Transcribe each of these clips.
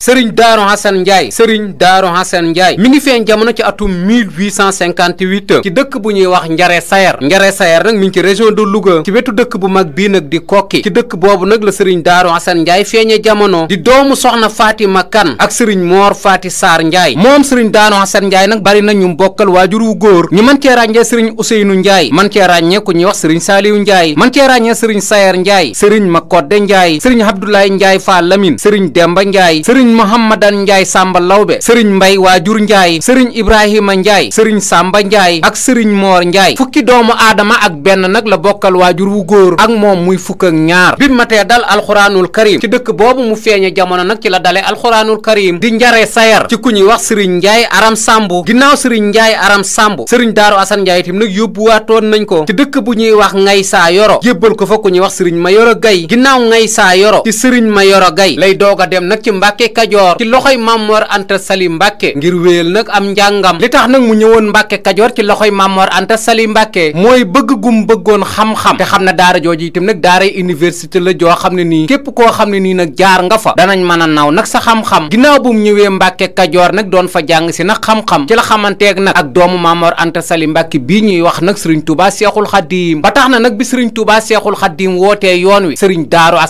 sëriñ daaro hasan njaay sëriñ daaro hasan njaay mi ngi feeñ jamono ci atum 1858 ci dëkk bu ñuy wax njare sayer njare sayer nag mi ngi ci région de Louga ci wetu dëkk bu mag bii nag di kokki ci dëkk boobu nag la sëriñ daaro hasan njaay feeñe jamono di doomu soxna faati ma kan ak sëriñ moor faati saar njaay moom sëriñ daaro hasan njaay nag bari nañu ñu bokkal waajur wu góor ñu mën cee ràññee sëriñ useynu njaay man cee ràññee ku ñuy wax sëriñ saaliwu njaay mën cee ràññee sëriñ sayer njaay sëriñ makodde njaay sëriñ abdoulaye njaay faa lamin sëriñ demba njaay sëriñ sëriñ Mouhamadan Ndiaye Samba Lawbe sëriñ Mbay Waajur Ndiaye sëriñ Ibrahima Ndiaye sëriñ Samba Ndiaye ak sëriñ Moor Ndiaye fukki doomu aadama ak benn nag la bokkal waajur wu góor ak moom muy fukk ak ñaar bi matee dal alxuraanul karim ci dëkk boobu mu feeñe jamono nag ci la dale alxuraanul karim di njare sayar ci ku ñuy wax sëriñ Ndiaye Aram Sambu ginnaaw sëriñ Ndiaye Aram Sambu sëriñ Daaru Asan Ndiaye itam nag yóbbuwaatoon nañ ko ci dëkk bu ñuy wax ngay saa yoro ko fa ku ñuy wax sëriñ Mayoro Gay ginnaaw ngay saa yoro ci sëriñ a kajoor ci loxoy Mamor Anta Sali Mbàkke ngir wéyal nag am njàngam li tax nag mu ñëwoon Mbàkke kajoor ci loxoy Mamor Anta Sali Mbàkke mooy bëgg gum bëggoon xam-xam te xam ne daara jooju itam nag daaray université la joo xam ne nii képp koo xam ne nii nag jaar nga fa danañ mën a naw nag sa xam-xam ginnaaw bu mu ñëwee Mbàkke kajoor nag doon fa jàng si nag xam-xam ci la xamanteeg nag ak doomu Mamor Anta Sali Mbàkke bii ñuy wax nag Sëriñ Tuubaa Seexul Xadiim ba tax nag bi Sëriñ Tuubaa Seexul Xadiim wootee yoon wi Sëriñ Daaru a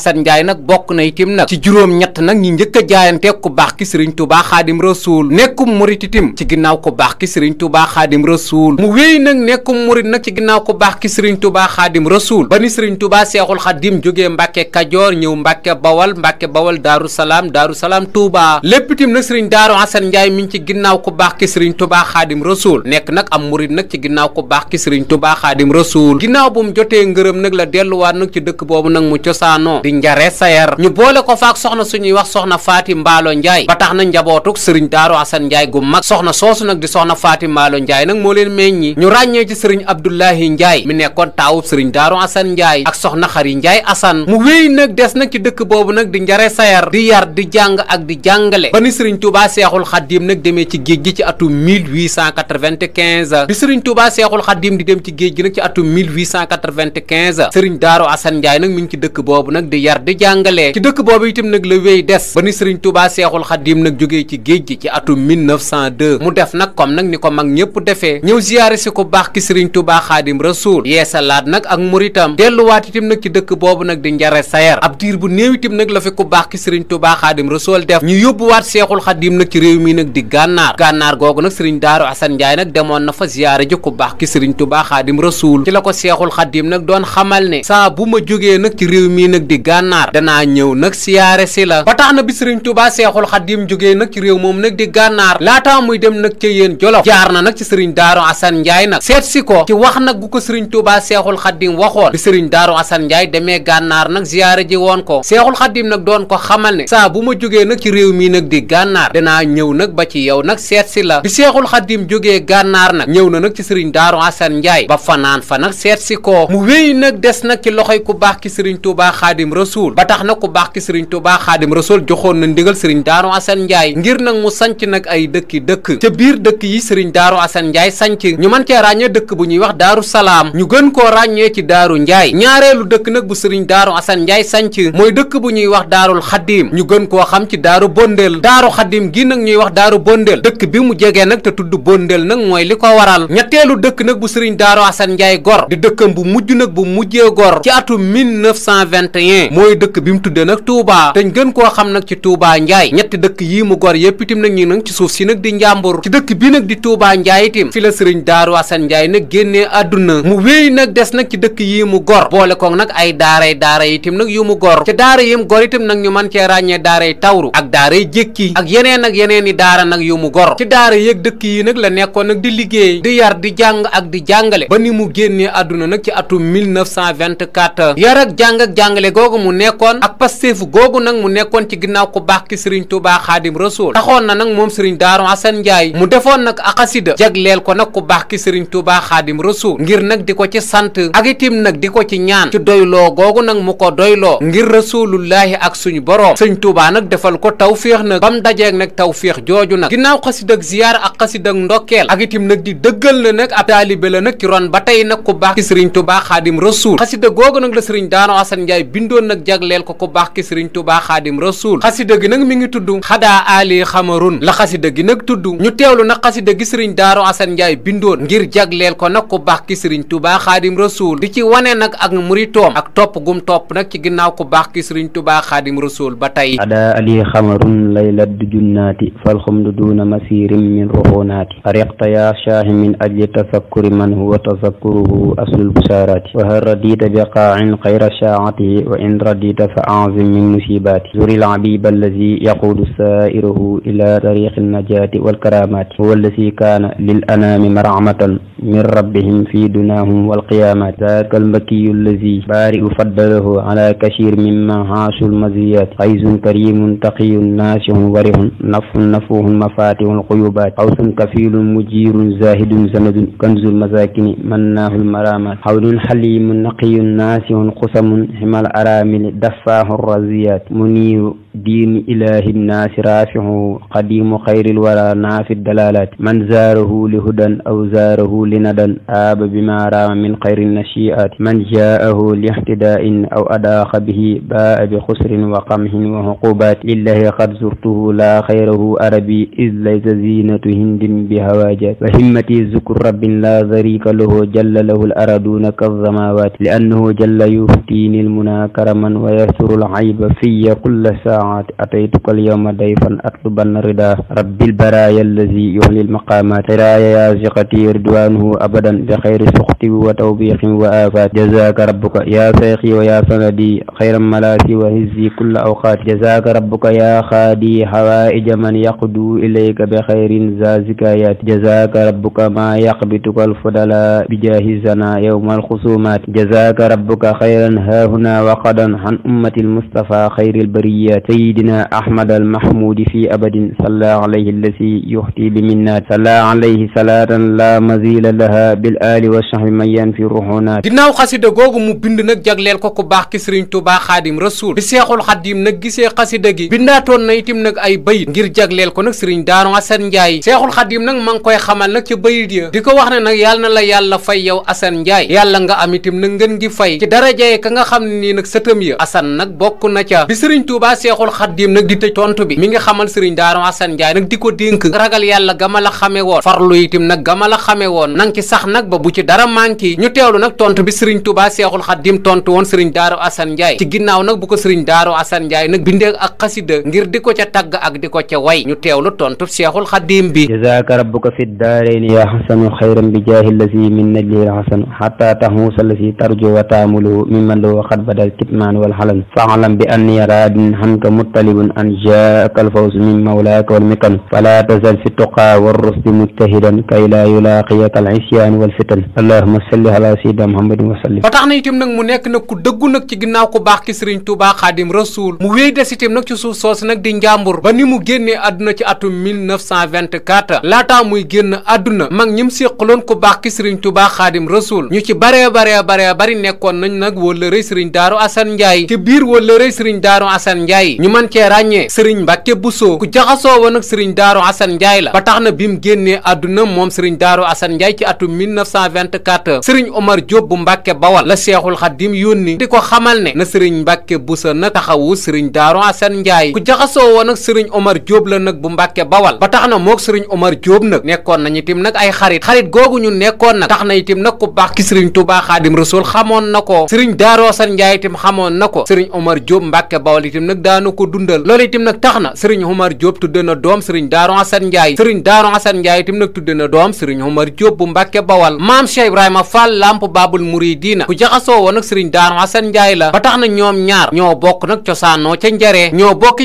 digganteeg ku baax ki sëriñ Tuubaa xaadim rasuul nekkum murit itim ci ginnaaw ku baax ki sëriñ Tuubaa xaadim rasuul mu wéy nag nekkum murit nag ci ginnaaw ku baax ki sëriñ Tuubaa xaadim rasuul ba ni sëriñ Tuubaa seexul xaadim jógee Mbàkke Kajoor ñëw Mbàkke Bawal Mbàkke Bawal Daaru Salaam Daaru Salaam Tuubaa lépp itim nag sëriñ Daaru Asan Njaay mi ngi ci ginnaaw ku baax ki sëriñ Tuubaa xaadim rasuul nekk nak am murit nak ci ginnaw ku baax ki sëriñ Tuubaa xaadim rasuul ginnaaw bu mu jotee ngërëm nag la delluwaat nag ci dëkk boobu nag mu cosaanoo di njare sayar ñu boole ko faak soxna Mbaalo Njaay ba tax na njabootuk sëriñ Daaru Asan Njaay gu mag soxna soosu nag di soxna Faati Mbaalo Njaay nag moo leen meññi ñu ràññee ci sëriñ Abdullahi Njaay mi nekkoon taawub sëriñ Daaru Asan Njaay nag di njare sayar di di jàng ak di jàngale ba ni sëriñ Tuubaa Seexul Xaddiim nag demee ci géej gi ci atum 1895 bi sëriñ Tuubaa Seexul Xaddiim di dem ci géej gi nag ci atum 1895 sëriñ Daaru Asan Njaay mi ngi ci dëkk boobu nag di yar di jàngale ci dëkk boobu itam nag la wéy des ba ni sëriñ Tuubaa Touba Seexul Xadim nag jógee ci géej gi ci atum 1902 mu def nag comme nag ni ko mag ñëpp defee ñëw ziyaare si ko baax ki Sëriñ Touba Xaadim Rasuul laat nag ak muritam delluwaat itam nag ci dëkk boobu nag di njare sayar ab diir bu néew itam nag la fi ku baax ki Sëriñ Touba Xaadim Rasuul def ñu yóbbuwaat Seexul Xadim nag ci réew mi nag di gànnaar gànnaar googu nag Sëriñ Daaru Asan Njaay nag demoon na fa ziyaare ji ku baax ki Sëriñ Touba Xaadim Rasuul ci la ko Seexul Xadim nag doon xamal ne saa bu ma jógee nag ci réew mi nag di gànnaar danaa ñëw nag siyaare fa seexul xadim jógee nag ci réew moom nag di gànnaar laataa muy dem nag ca yéen jolof jaar na nag ci sëriñ daaru asan njaay nag seet si ko ci wax nag gu ko sëriñ tuubaa seexul xadim waxoon bi sëriñ daaru asan njaay demee nag ziyaare ji woon ko seexul xadim nag doon ko xamal ne saa bu ma jógee nag ci réew mii nag di gànnaar danaa ñëw nag ba ci yow nag seet si la bi seexul xadim jógee gànnaar nag ñëw na nag ci sëriñ daaru asan njaay ba fanaan fa nag seet si ko mu wéy nag des nag ci loxoy ku baax ki sëriñ tuubaa xaadim rasuul ba tax nag ku baax ki sëriñ tuubaa xaadim rasuul joxoon na ndigal sëriñ daaru asan njaay ngir nag mu sanc nag ay dëkki dëkk ca biir dëkk yi sëriñ daaru asan njaay sanc ñu man cee ràññee dëkk bu ñuy wax daaru salaam ñu gën ko ràññee ci daaru njaay ñaareelu dëkk nag bu sëriñ daaru asan njaay sanc mooy dëkk bu ñuy wax daarul xaddiim ñu gën koo xam ci daaru bondeel daaru xaddiim gi nag ñuy wax daaru bondeel dëkk bi mu jegee nag te tudd bondeel nag mooy li ko waral ñetteelu dëkk nag bu sëriñ daaru asan njaay gor di dëkkam bu mujj nag bu mujjee gor ci atum 1921 mooy dëkk bi mu tuddee nag Touba Njaay ñetti dëkk yii mu gor yépp itam nag ñi nag ci suuf si nag di njàmbur ci dëkk bii nag di Touba Njaay itam fi la sëriñ Daaru Asan Njaay nag génnee àdduna mu wéy nag des nag ci dëkk yii mu gor boole koog nag ay daaray daara itam nag yu mu gor ca daara gor itam nag ñu mën cee ràññee daaray tawru ak daaray jékki ak yeneen ak yeneen i daara nag yu mu gor ci daara yéeg dëkk yi nag la nekkoon nag di liggéey di yar di jàng ak di jàngale ba ni mu génnee àdduna nag ci atum 1924 yar ak jàng ak jàngale googu mu nekkoon ak pasteefu barki sëriñ Tuubaa xaadim rasul taxoon na nag moom sëriñ Daaru Asan Njaay mu defoon nag xasida jagleel ko nag ku baax ki sëriñ Tuubaa xaadim rasul ngir nag di ko ci sant ak itim nag di ko ci ñaan ci doyloo googu nag mu ko doyloo ngir rasulullaahi ak suñu boroom sëriñ Tuubaa nag defal ko tawféex nag bam dajeeg nag tawféex jooju nag ginnaaw xasida ak ziyaar ak xasida ak ndokkeel ak itim nag di dëggal la nag ab taalibe la nag ci ron ba tey nag ku baax ki sëriñ Tuubaa xaadim rasul xasida googu nag la sëriñ Daaru Asan Njaay bindoon nag jagleel ko ku baax ki sëriñ Tuubaa xaadim nag mi ngi tudd xadaa aali xamarun la xasida gi nag tudd ñu teewlu nag xasida gi sëriñ daaru asan njaay bindoon ngir jagleel ko nag ku baax ki sëriñ tubaa xaadim rasuul di ci wane nag ak muritoom ak topp gum topp nag ci ginnaaw ku baax ki sëriñ tubaa xaadim rasuul ba tey xadaa ali xamarun laylat du junnaati falxumdu duuna masirim min ruxunaati ariqta yaa shaahi min ajli tafakkuri man huwa tazakkuruhu aslul busaaraati wa hal radiita bi qaain xayra shaa'atihi wa in radiita fa anzim min alladi yaquudu saairuhu ila tariqi alnajaati walkaramaati huwa alladi kaana lil anaami marhamatan min rabbihim fi dunaahum walqiyaamaati zaaka almakiyu alladi baari'u faddalahu ala kasiir mimma haasu almaziyaati xaysun karimun taqiyun naasihun warihun nafun nafuhun mafatihun alquyubaati xawsun kafiilun mujiirun zaahidun sanadun kanzul masaakini mannaahu almaraamaati xawlun xalimun naqiyun naasihun qusamun himal araamili daffaahu raziyaati muniiru diini ilahi nnaasi raafihu qadimu xayril wara naafi dalalaati man zaarahu li hudan aw zaarahu li nadan aaba bima raama min xayri nashiaati man jaahu li ixtidaain aw adaaxa bihi baa bi xusrin wa qamhin wa xuqubaati lillahi qad zurtuhu laa xayrahu arabi is laysa zinatu hindin bi hawaajaati wa himmati zukru rabbin laa zarika lahu jalla lahu l araduuna kazamawaati li annahu jalla yuftiini lmunaa karaman wa yasturu l ayba fiya kulla saa taati ataytuka alyawma dayfan atluban rida rabbil baraya allazi yuxni lmaqamat raya ya siqati ridwanuhu abadan bi xayri suxti wa tawbiqin wa afat jazaka rabbuka ya sayxi wa ya sanadi xayran malasi wa hizzi kulla awqat jazaka rabbuka ya xaadi hawaija man yaqdu ilayka bi xayrin za zikayat jazaka rabbuka ma yaqbituka alfudala bijahizana yawma alxusumat jazaka rabbuka xayran hahuna wa qadan an ummati almustafa xayri albariyat سيدنا أحمد المحمود في أبد صلى عليه الذي يحتي بمنات صلى عليه صلاة لا مزيل لها بالآل والصحب من ينفي روحنا ginnaaw xasida googu mu bind nag jagleel ko ku baax ki Sëriñ Tuubaa Xaadim Rasuul bi Seexul Xaadim nag gisee xasida gi bindaatoon na itim nag ay bayit ngir jagleel ko nag Sëriñ Daaru Asan Njaay Seexul Xaadim nag ma ngi koy xamal nag ca bayit ya di ko wax na nag yàlla na la yalla fay yow Asan Njaay yàlla nga am itim nag ngeen gi fay ci darajaye ka nga xam ni nii nag sëtam ya Asan nag bokk na ca bi Sëriñ Tuubaa seexul xaddiim nag di tëj tontu bi mi ngi xamal sëriñ daaru asan njaay nag di ko dénk ragal yàlla gama la woon farlu itim nag gama la xame woon nang ci sax nag ba bu ci dara manqué ñu teewlu nag tontu bi sëriñ tubaa seexul xaddiim tontu woon sëriñ daaru asan njaay ci ginnaaw nag bu ko sëriñ daaru asan njaay nag bindee ak xasida ngir di ko ca tagg ak di ko ca way ñu teewlu tontu seexul xaddiim bi jazaaka rabbuka fi daarayni yaa xasanu xayran bi jaahi lazi min najlihi alxasanu xataa taxuusa lasi tarju wa taamuluhu mimman lahu qad badal kitmaan wal xalan faalam bi anni raadin مطلب أن جاءك الفوز من مولاك والمكن فلا تزل في التقى والرشد مجتهدا كي لا يلاقيك العصيان والفتن اللهم صل على سيدنا محمد na itam nag mu nekk nag ku dëggu nag ci ginnaaw ku baax ki Serigne Touba Rasuul mu wéy des itam nag ci suuf soos nag di njàmbur ba ni mu génnee àdduna ci atum 1924 laataa muy génn àdduna mag ñi mu séqaloon ku baax ki Serigne Touba Xaadim Rasuul ñu ci baree baree baree bari nekkoon nañ nag wóllëre Serigne Darou Assane Ndiaye ci biir wóllëre Serigne Darou Assane Ndiaye ñu man cee ràññee sëriñ Mbàkke Buso ku jaxasoo woon ak sëriñ Daaru Asan Njaay la ba tax na bi mu génnee àdduna moom sëriñ Daaru Asan Njaay ci atum 1924 sëriñ Omar Diop bu Mbàkke Bawal la Seexul Xaddim yónni di ko xamal ne na sëriñ Mbàkke Buso nag taxawu sëriñ Daaru Asan Njaay ku jaxasoo woon ak sëriñ Omar Diop la nag bu Mbàkke Bawal ba tax na mook sëriñ Omar Diop nag nekkoon nañu itam nag ay xarit xarit googu ñu nekkoon nag tax na itam nag ku baax ki sëriñ Tuubaa r Rasuul xamoon na ko sëriñ Daaru Asan Njaay itam xamoon na ko sëriñ Omar Diop Mbàkke na ko dundal loolu itam nag tax na sëriñ Omar Diop tudde na doom sëriñ Daaru Asan Njaay sëriñ Daaru Asan Njaay itam nag tudde na doom sëriñ Omar Diop bu Mbàkke Bawal maam Cheikh Ibrahima Fall Lamp Baabul Muridiina ku jaxasoo woon ak Njaay la ba tax na ñoom ñaar ñoo bokk nag cosaanoo ca njaree ñoo bokk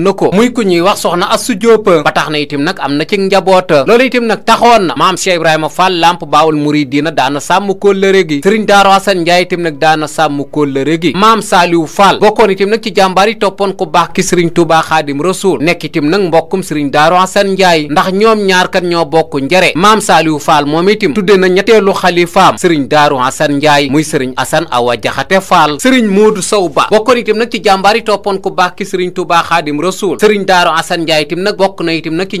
na ko muy ku ñuy wax soxna a Diop ba tax na itam nag am na ci njaboota loolu itam nag taxoon maam Cheikh Ibrahima Fall Lamp Baabul Ikhwaul Mouridina daana sàmm kóllëre gi Serigne Darou Assane Ndiaye itam nag daana sàmm kóllëre gi maam Saliou Fall bokkoon itam nag ci jàmbaar yi toppoon ko baax ki Serigne Touba Xaadim Rasul nekk itam nag mbokkum Serigne Darou Assane Ndiaye ndax ñoom ñaar kat ñoo bokk njëre maam Saliou Fall moom itam tudde na ñetteelu xalifaam Serigne Darou Assane Ndiaye muy Serigne Assane Awa Jaxate Fall Serigne Modou Sow Ba bokkoon itam nag ci jàmbaar yi toppoon ko baax ki Serigne Touba Xaadim Rasul Serigne Darou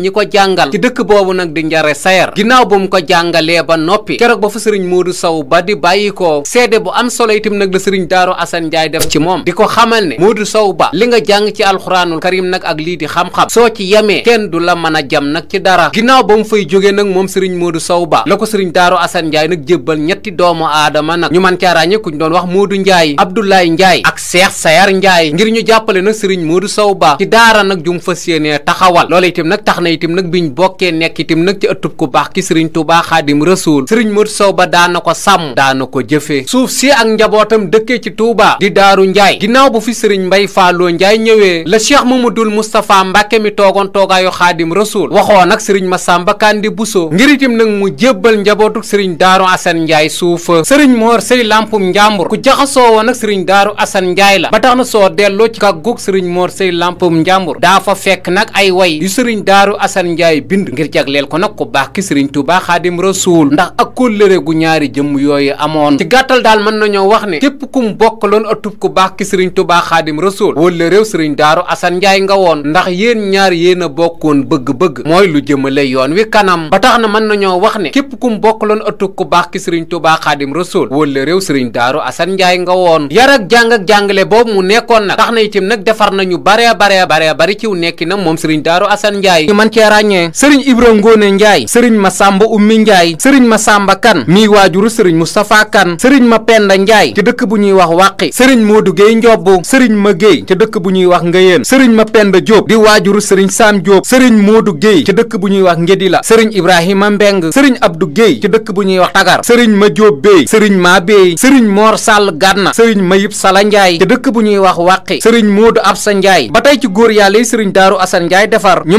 ñi ko jàngal ci dëkk boobu nag di njare sayer ginnaaw bu mu ko jàngalee ba noppi noppi keroog ba fa sëriñ Modou Sow ba di bàyyi ko seede bu am solo itam nag la sëriñ daaru Assane Ndiaye def ci moom di ko xamal ne moo Modou Sow ba li nga jàng ci alxuraanul karim nag ak lii di xam-xam soo ci yemee kenn du la mën a jam nag ci dara ginnaaw ba mu fay jógee nag moom sëriñ Modou Sow ba la ko sëriñ daaru Assane Ndiaye nag jébbal ñetti doomu aadama nag ñu man caa ràññee ku ñu doon wax Modou Ndiaye Abdoulaye Ndiaye ak Cheikh Sayar Ndiaye ngir ñu jàppale nag sëriñ Modou Sow ba ci daara nag ju mu fas yéenee taxawal loola itam nag tax na itam nag biñ bokkee nekk itam nag ci ku baax ki sëriñ Touba Xaadim sëriñ Mor Sow ba daana ko sàmm daana ko jëfee suuf si ak njabootam dëkkee ci Touba di Daaru Njaay ginnaaw bu fi sëriñ Mbay Fallou Njaay ñëwee la Cheikh Mamadul Moustapha Mbàkke mi toogoon toogaayu Xaadim Rasuul waxoon nag sëriñ Masamba Kandi Buso ngir itam nag mu jébbal njabootuk sëriñ Daaru Asan Njaay suufa sëriñ Mor Sey Lampum Njàmbur ku jaxasoo woon nag sëriñ Daaru Asan Njaay la ba na soo delloo ci kàggug sëriñ Mor Sey Lampum Njàmbur daa fa fekk nag ay way yu sëriñ Daaru Asan bind ngir jagleel ko nag ku baax ki sëriñ Tuubaa Xaadim Rasuul ndax sax ak kóllëre gu ñaari jëmm yooyu amoon ci gàttal daal mën nañoo wax ne képp kum bokkaloon atub ku baax ki sëriñ tubaa xaadim rasul wala réew sëriñ daaru asan njaay nga woon ndax yéen ñaar yéen a bokkoon bëgg-bëgg mooy lu jëmale yoon wi kanam ba tax na mën nañoo wax ne képp kum bokkaloon atub ku baax ki sëriñ tubaa xaadim rasul wala réew sëriñ daaru asan njaay nga woon yar ak jàng jàngale boobu mu nekkoon nag tax na itam nag defar nañu baree baree bare bari ciw nekki na moom sëriñ daaru asan njaay ñu mën cee ràññee sëriñ ibra ngóone njaay sëriñ masamba ummi njaay sëriñ ma Masamba Kan mii waajuru sëriñ Moustapha Kan sëriñ Mapenda Njaay ci dëkk bu ñuy wax Wàqi sëriñ Modou Gueye Njobbu sëriñ Ma Gueye ci dëkk bu ñuy wax Ngéyeen sëriñ Mapenda Diop di waajuru sëriñ Sam Diop sëriñ Modou Gueye ci dëkk bu ñuy wax Ngédila sëriñ Ibrahima Mbeng sëriñ Abdou Gueye ci dëkk bu ñuy wax Tagar sëriñ Ma Diop Bey sëriñ Ma Bey sëriñ Mor Sall Gànna sëriñ Mayib Sala Njaay ci dëkk bu ñuy wax Wàqi sëriñ Modou Absa Njaay ba tey ci góor yàlla yi sëriñ Daaru Asan Njaay defar ñu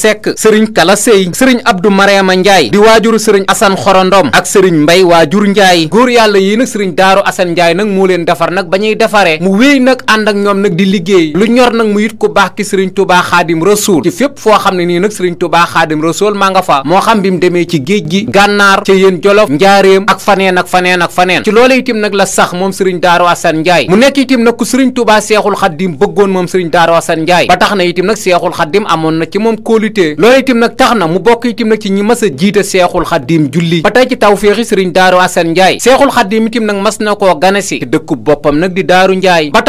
Seck sëriñ Kala Sey sëriñ Abdou Mariama Ndiaye di waajuru sëriñ Assane Xorondom ak sëriñ Mbay waajur Ndiaye góor yàlla yii nag sëriñ Daaru Assane Ndiaye leen defar nag ba ñuy defaree mu wéy nag ànd nag di liggéey lu ñor nag mu it ku baax ki sëriñ Touba Xaadim Rasuul ci fépp foo xam ne nii nag sëriñ Touba Xaadim Rasuul maa nga fa moo xam bi mu demee ci géej gi gànnaar ca yéen jolof njaaréem ak faneen ak faneen ak faneen ci loola itim nag la sax moom sëriñ Daaru Assane Ndiaye mu nekk itim nag ku sëriñ Touba Seexul Xaadim bëggoon moom sëriñ Daaru Assane Ndiaye ba tax na itim nag Seexul Xaadim amoon na ci moom kóolu sécurité loolu itam nag tax na mu bokk itam nag ci ñi mas a jiite seexul xaddiim julli ba tey ci tawféexi sëriñ daaru asan njaay seexul xaddiim itam nag na koo ganesi ci dëkku boppam nag di daaru njaay ba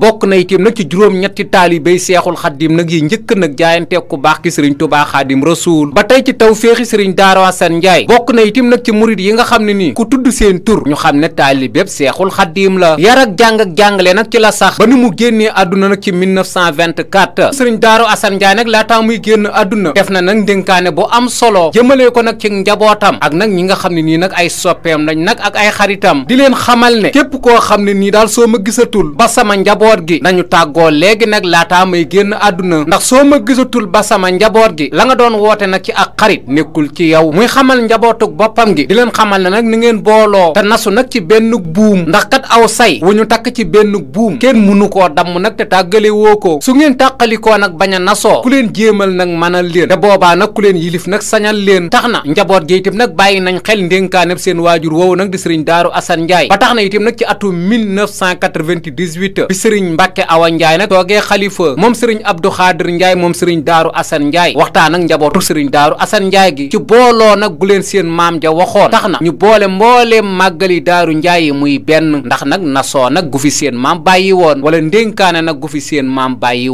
bokk na itam nag ci juróom-ñetti taalibéy seexul xaddiim nag yi njëkk nag jaayantee ku baax ki sëriñ tubaa xaadim rasuul ba tey ci tawféexi sëriñ daaru asan njaay bokk na itam nag ci murit yi nga xam ne nii ku tudd seen tur ñu xam ne taalibépp seexul xaddiim la yar ak jàng ak jàngale nag ci la sax ba nu mu génnee àdduna nag ci 1924 sëriñ daaru Assane Ndiaye nag laataa muy génn àdduna def na nag ndénkaane bu am solo jëmalee ko nag ci njabootam ak nag ñi nga xam ne nii nag ay soppeem lañ nag ak ay xaritam di leen xamal ne képp koo xam ne nii daal soo ma gisatul ba sama njaboot gi nañu tàggoo léegi nag laataa may génn àdduna ndax soo ma gisatul ba sama njaboot gi la nga doon woote nag ci ak xarit nekkul ci yow muy xamal njabootug boppam gi di leen xamal ne nag ni ngeen booloo te nasu nag ci benn buum ndax aw say wu takk ci benn buum kenn mënu koo damm nag nasoo ku leen jéemal nag mënal leen te boobaa nag ku leen yilif nag sañal leen tax na njaboot gi itam nag bàyyi nañ xel ndénkaaneb seen waajur woowu nag di sëriñ daaru asan njaay ba tax na itam nag ci atum 1998 bi sëriñ mbàkke awa njaay nag toogee xalifa moom sëriñ abdu xaadir njaay moom sëriñ daaru asan njaay waxtaan ak njabootu sëriñ daaru asan njaay gi ci booloo nag gu leen seen maam ja waxoon tax na ñu boole mbooleem màggali daaru njaay yi muy benn ndax nag nasoo nag gu fi seen maam bàyyi woon wala ndénkaane nag gu fi seen maam bàyyi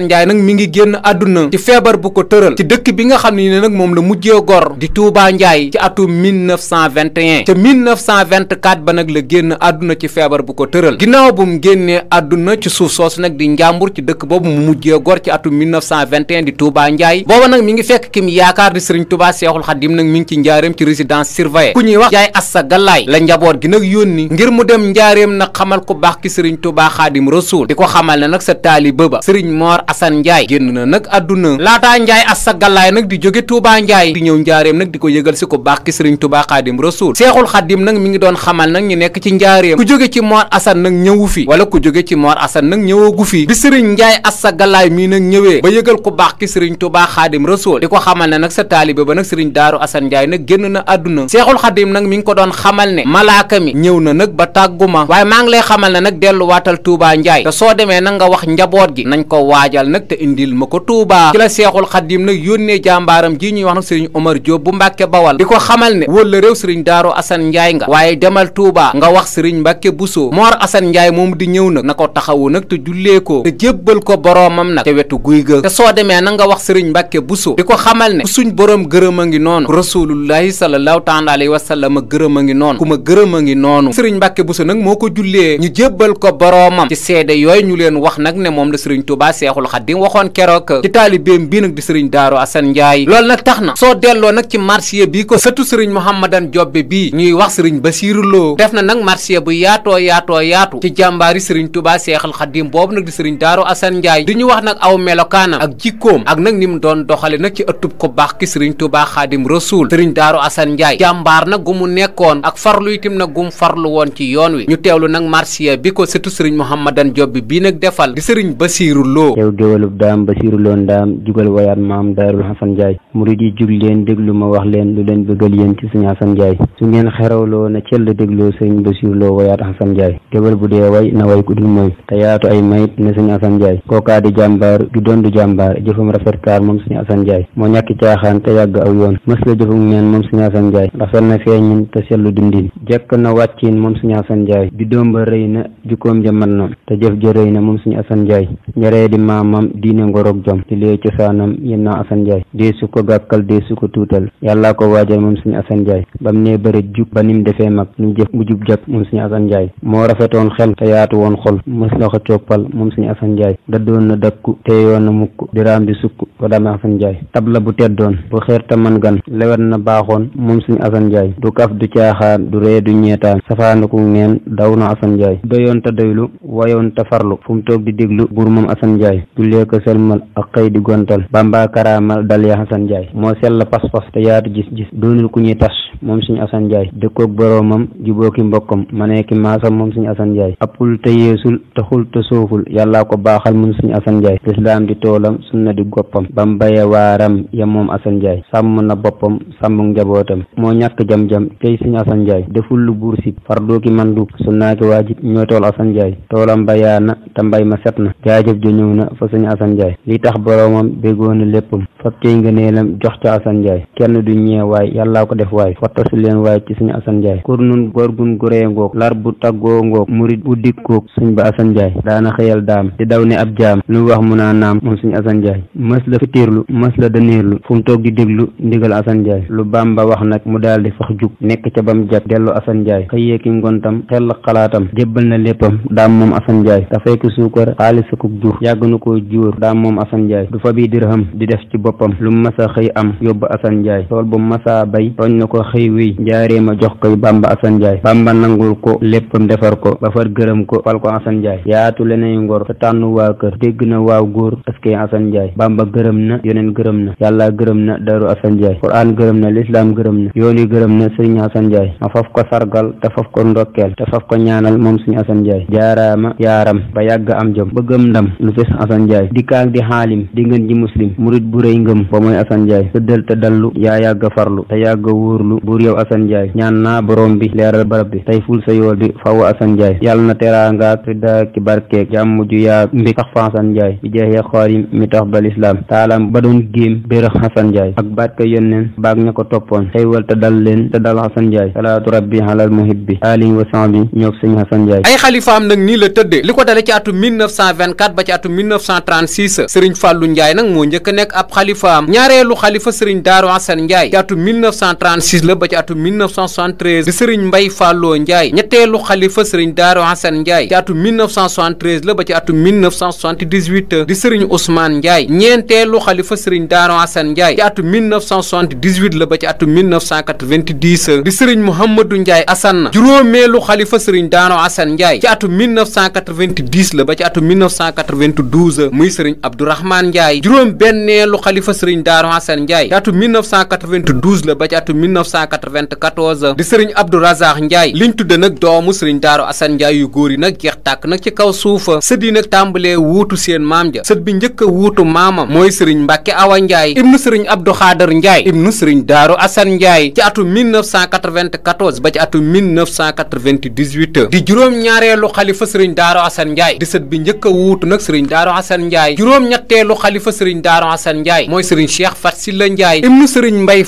Assane Ndiaye nag mi ngi génn àdduna ci feebar bu ko tëral ci dëkk bi nga xam ne ne nag moom la mujjee gor di Touba Ndiaye ci atum 1921 ca 1924 ba nag la génn àdduna ci feebar bu ko tëral ginnaaw bu mu génnee àdduna ci suuf soosu nag di njàmbur ci dëkk boobu mu mujjee gor ci atum 1921 di Touba Ndiaye booba nag mi ngi fekk ki mu yaakaar di Serigne Touba Cheikhoul Khadim nag mi ngi ci njaareem ci résidence surveillée ku ñuy wax Ndiaye Assa gallaay la njaboot gi nag yónni ngir mu dem njaareem nag xamal ku baax ki Serigne Touba Khadim Rasoul di ko xamal Assane Ndiaye génn na nag àdduna laataa Ndiaye Assa Galaay nag di jóge Touba Ndiaye di ñëw njaareem nag di ko yëgal si ko baax ki Serigne Touba Xaadim Rasuul Seexul Xaadim nag mi ngi doon xamal nag ñu nekk ci njaareem ku jóge ci fi bi Serigne Ndiaye Assa Galaay mii nag ñëwee ba yëgal ku baax ki Serigne Touba Xaadim Rasuul di ko xamal ne nag sa taalibe ba nag Serigne Daaru Assane Ndiaye nag génn na àdduna Seexul Xaadim nag mi ngi ko doon xamal ne malaaka ñëw na nag ba tàgguma waaye maa ngi lay xamal ne nag delluwaatal Touba Ndiaye te soo demee nag nga wax njaboot gi nañ ko waajal nag te indil ma ko Touba ci la Seexul Xadim nag yónnee jàmbaaram ji ñuy wax nag Serigne Omar Diop bu Mbàkke Bawal di ko xamal ne wóor la réew Serigne Darou Assane nga waaye demal Touba nga wax Serigne Mbàkke Bousso Mor Assane Ndiaye moom di ñëw nag na ko taxawu nag te jullee ko te jébbal ko boroomam nag te wetu guy ga te soo demee na nga wax Serigne Mbàkke Bousso di ko xamal ne suñ boroom gërëm a ngi noonu rasulullahi sallallahu taala alayhi wa sallam a gërëm a ngi noonu ku ma gërëm a ngi noonu Serigne Mbàkke Bousso nag moo ko jullee ñu jébbal ko boroomam ci seede yooyu ñu leen wax nag ne moom la Serigne Touba Seexul Xaddim waxoon keroog ci taalibeem bii nag di sëriñ Daaru Asan Njaay loolu nag tax na soo delloo nag ci marché bii ko sëtu sëriñ Mouhamadan Jobbe bii ñuy wax sëriñ Basiiru Lo def na nag marché bu yaatoo yaatoo yaatu ci jàmbaari sëriñ Tuubaa Seexul Xaddim boobu nag di sëriñ Daaru Asan Njaay di ñu wax nag aw melokaanam ak jikkoom ak nag ni mu doon doxale nag ci ëttub ko baax ki sëriñ Tuubaa Xaadim Rasuul sëriñ Daaru Asan Njaay jàmbaar nag gu mu nekkoon ak farlu itam nag gu farlu woon ci yoon wi ñu teewlu nag marché bi ko sëtu sëriñ Mouhamadan Jobbe bii nag defal di sëriñ yow géwalub daam basiiru loon daam jugal wayaat maam daarul xasan njaay murid yi jug leen déglu ma wax leen lu leen bëggal yéen ci sëñ xasan njaay su ngeen xerawloo na cell dégloo sëñ basiiru loo wayaat xasan njaay géwal bu dee way na way ku dul mooy te yaatu ay mayit ne sëñ xasan njaay kookaa di jàmbaar ju doon du jàmbaar jëfam rafetkaar moom sëñ xasan njaay moo ñàkki caaxaan te yàgg aw yoon mës la jëfum neen moom sëñ xasan njaay rafet na feeñin te sellu dindin jekk na wàccin moom sëñ xasan njaay ju doom ba ja mat na te ja rëy na moom sëñ xasan njaay maamam diine ngorog jom di lee cosaanam yem naa Assane Ndiaye dee su ko gàkkal dee su ko tuutal yàllaa ko waajal moom suñu Assane Ndiaye ba mu nee bëre jub ba nim defee mag mu jëf mu jub jàpp moom suñu Assane Ndiaye moo rafetoon xel te yaatu woon xol mos na ko coppal moom suñu Assane Ndiaye daddoon na dakku teeyoon na mukk di raam di sukk ko daamee Assane Ndiaye tabla bu teddoon bu xeer te man gan lewet na baaxoon moom suñu Assane Ndiaye du kaf du caaxaan du ree du ñeetaan safaandiku ngeen daw na Assane Ndiaye doyoon te doylu wayoon te farlu fu mu jullee ko selmal ak xëy di gontal bamba karaamal dal ya xasan njaay moo sell pas-pas te yaatu gis-gis doonul ku ñuy tas moom suñu Assane Ndiaye dëkkoog boroomam jubóoki mbokkam maneeki maasam moom suñu Assane Ndiaye appul te yeesul taxul te sooful yàllaa ko baaxal moom suñu Assane Ndiaye lislaam di toolam sunna di goppam bam baye waaram ya moom Assane sàmm na boppam sàmm njabootam moo ñàkk jam-jam tey suñu Assane Ndiaye deful lu buur sib fardooki mandu sunnaa ki waajib ñoo tool Assane Ndiaye toolam bayaa na te mbay ma set na jaajëf jo na fa suñu Assane Ndiaye tax boroomam béggoona léppam fab tey ngëneelam jox ca Assane Ndiaye kenn du ñeewaay yàllaa ko def waay tosu leen waaye ci suñu asan njaay kur nun gorgun guree ngoog lar bu taggoo ngoog murit bu dikkoo suñ ba asan njaay daana xëyal daam di daw ne ab jaam lu wax mu naa naam moom suñu asan njaay mës la fitiirlu mës la daniirlu fu mu toog di déglu ndigal asan njaay lu ba wax nag mu daal di fax jug nekk ca bam jak dellu asan njaay xëyee ki ngontam xel xalaatam jébbal na léppam daam moom asan njaay dafay suukar xaalis akuk jur yàgg na ko jóor daam moom asan du fa bi dirham di def ci boppam lu masa xëy am yóbbu asan xëy wéy njaaree ma jox koy bamba asan njaay bamba nangul ko léppam defar ko ba far gërëm ko fal ko asan njaay yaatu lenay ngor te tànn waa kër dégg na waaw góor askey asan njaay bamba gërëm na yoneen gërëm na yàlla gërëm na daru asan njaay quraan gërëm na lislaam gërëm na yooni gërëm na sëriñ asan njaay ma faf ko sargal te faf ko ndokkeel te faf ko ñaanal moom suñu asan jaaraama yaaram ba yàgg am jom bëggam ndam lu fes asan njaay dikkaak di xaalim di ngeen buur yow Assane Ndiaye ñaan naa borom bi leeral barab bi tey ful sa bi faw Assane Ndiaye na teraanga ak fidda ki barkeeg jàmm yaa mbik fa Assane Ndiaye bi jeexee mi tax ba lislaam taalam ba doon géem bér Assane ak baat ka yónneen ña ko toppoon xéewal te leen te dal salaatu rabbi alal muhibbi alihi wa sahbi ñoog sëñ Assane ay xalifaam nag nii la tëddee li ko dale ci atum ba ci atum sëriñ Fallou Ndiaye nag moo njëkk a nekk ab ba ci atum 1973 di sëriñ Mbay Falloo Njaay ñetteelu xalifa sëriñ Daaru Hasan Njaay ci atum 1973 la ba ci atum 1978 di sëriñ Ousmane Njaay ñeenteelu xalifa sëriñ Daaru Hasan Njaay ci atum la ba ci atum 1990 di sëriñ Mouhamadou Njaay Asan juróomeelu xalifa sëriñ Daaru Hasan atum 1990 la ba ci atum 1992 muy sëriñ Abdourahmane Njaay juróom benneelu xalifa sëriñ Daaru Hasan Njaay ci atum 1992 la ba ci atum 19 1994 di sëriñ Abdou Razak Ndiaye liñ tudde nag doomu sëriñ Daaru Assane Ndiaye yu góor yi nag jeex tàkk nag ci kaw suufa sët yi nag tàmbalee wuutu seen maam ja sët bi njëkk a wuutu maamam mooy sëriñ Mbàkke Awa Ndiaye ibnu sëriñ Abdou Xaadar Ndiaye ibnu sëriñ Daaru Assane Ndiaye ci atu 1994 ba ci atu 1998 di juróom-ñaareelu xalifa sëriñ Daaru Assane Ndiaye di sët bi njëkk a wuutu nag sëriñ Daaru Assane Ndiaye juróom-ñetteelu xalifa sëriñ Daaru Assane Ndiaye mooy sëriñ Cheikh Fat Silla Ndiaye ibnu sëriñ Mbay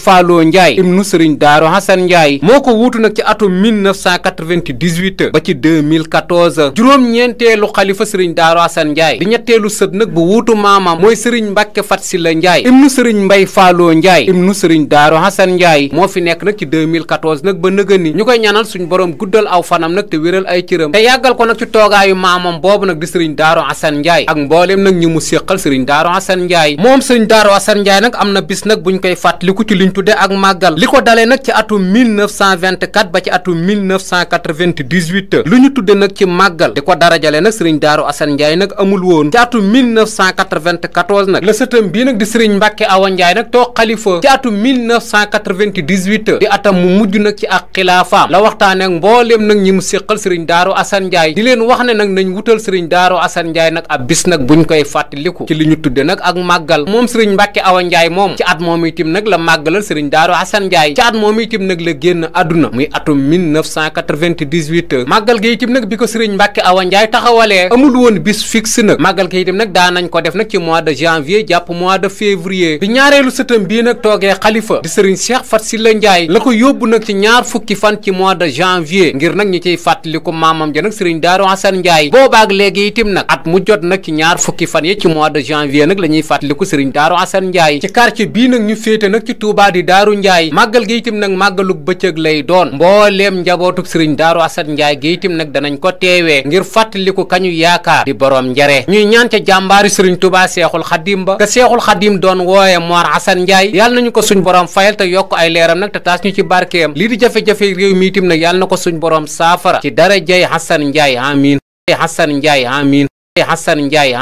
Daaru Hassan Ndiaye moo ko wuutu nag ci atum 1998 ba ci 2014 juróom-ñeenteelu xalifa sëriñ Daaru Hassan Ndiaye di ñetteelu sët nag bu wuutu maamam mooy sëriñ Mbàkke Fat Silla Ndiaye ibnu sëriñ Mbay Faaloo Ndiaye ibnu sëriñ Daaru Hassan Ndiaye moo fi nekk nag ci 2014 nag ba nëgëni ñu koy ñaanal suñ borom guddal aw fanam nag te wéral ay cëram te yàggal ko nag ci toogaayu maamam boobu nag di sëriñ Daaru Hassan Ndiaye ak mbooleem nag ñu mu séqal sëriñ Daaru Hassan Ndiaye moom sëriñ Daaru Hassan Ndiaye nag am na bis nag buñ koy fàttaliku ci liñ tudde ak màggal li ko dalee nag ci atum 1924 ba ci atum 1998 lu ñu tudde nag ci màggal di ko darajale nag sëriñ daaru asan njaay nag amul woon ci atum 1994 nag la sëtam bii nag di sëriñ mbàkke awa njaay nag toog xalifa ci atum 1998 di atam mu mujj nag ci ak xilaafaam la waxtaan ak mbooleem nag ñi mu séqal sëriñ daaru asan di leen wax ne nag nañ wutal sëriñ daaru asan njaay nag ab bis nag buñ koy fàttaliku ci li ñu tudde nag ak màggal moom sëriñ mbàkke awa njaay moom ci at moom itim nag la màggalal sëriñ daaru moom itam nag la génn àdduna muy atum 1998 màggal gi itam nag bi ko sëriñ Mbàkke Awa Njaay taxawalee amul woon bis fixe nag màggal gi itam nag daanañ ko def nag ci mois de janvier jàpp mois de février bi ñaareelu sëtam bii nag toogee xalifa di sëriñ Cheikh Fat Silla Njaay la ko yóbbu nag ci ñaar fukki fan ci mois de janvier ngir nag ñu ciy fàttaliku maamam ja nag sëriñ Daaru Asan Njaay boobaak léegi itam nag at mu jot nag ci ñaar fukki fan yi ci mois de janvier nag la ñuy fàttaliku sëriñ Daaru Asan Njaay ci quartier bii itam nag màggalug bëccëg lay doon mbooleem njabootug sëriñ daaru asad njaay gi itam nag danañ ko teewee ngir fàttaliku kañu yaakaar di borom njare ñuy ñaan ca jàmbaari sëriñ tubaa seexul xadim ba ka seexul xadim doon wooye moor asan njaay yàlla nañu ko suñ borom fayal te yokk ay leeram nag te ñu ci barkeem li di jafe-jafe réew mi itam nag yàlla na ko suñ borom saafara ci darajay xasan njaay amin xasan njaay amin xasan njaay amin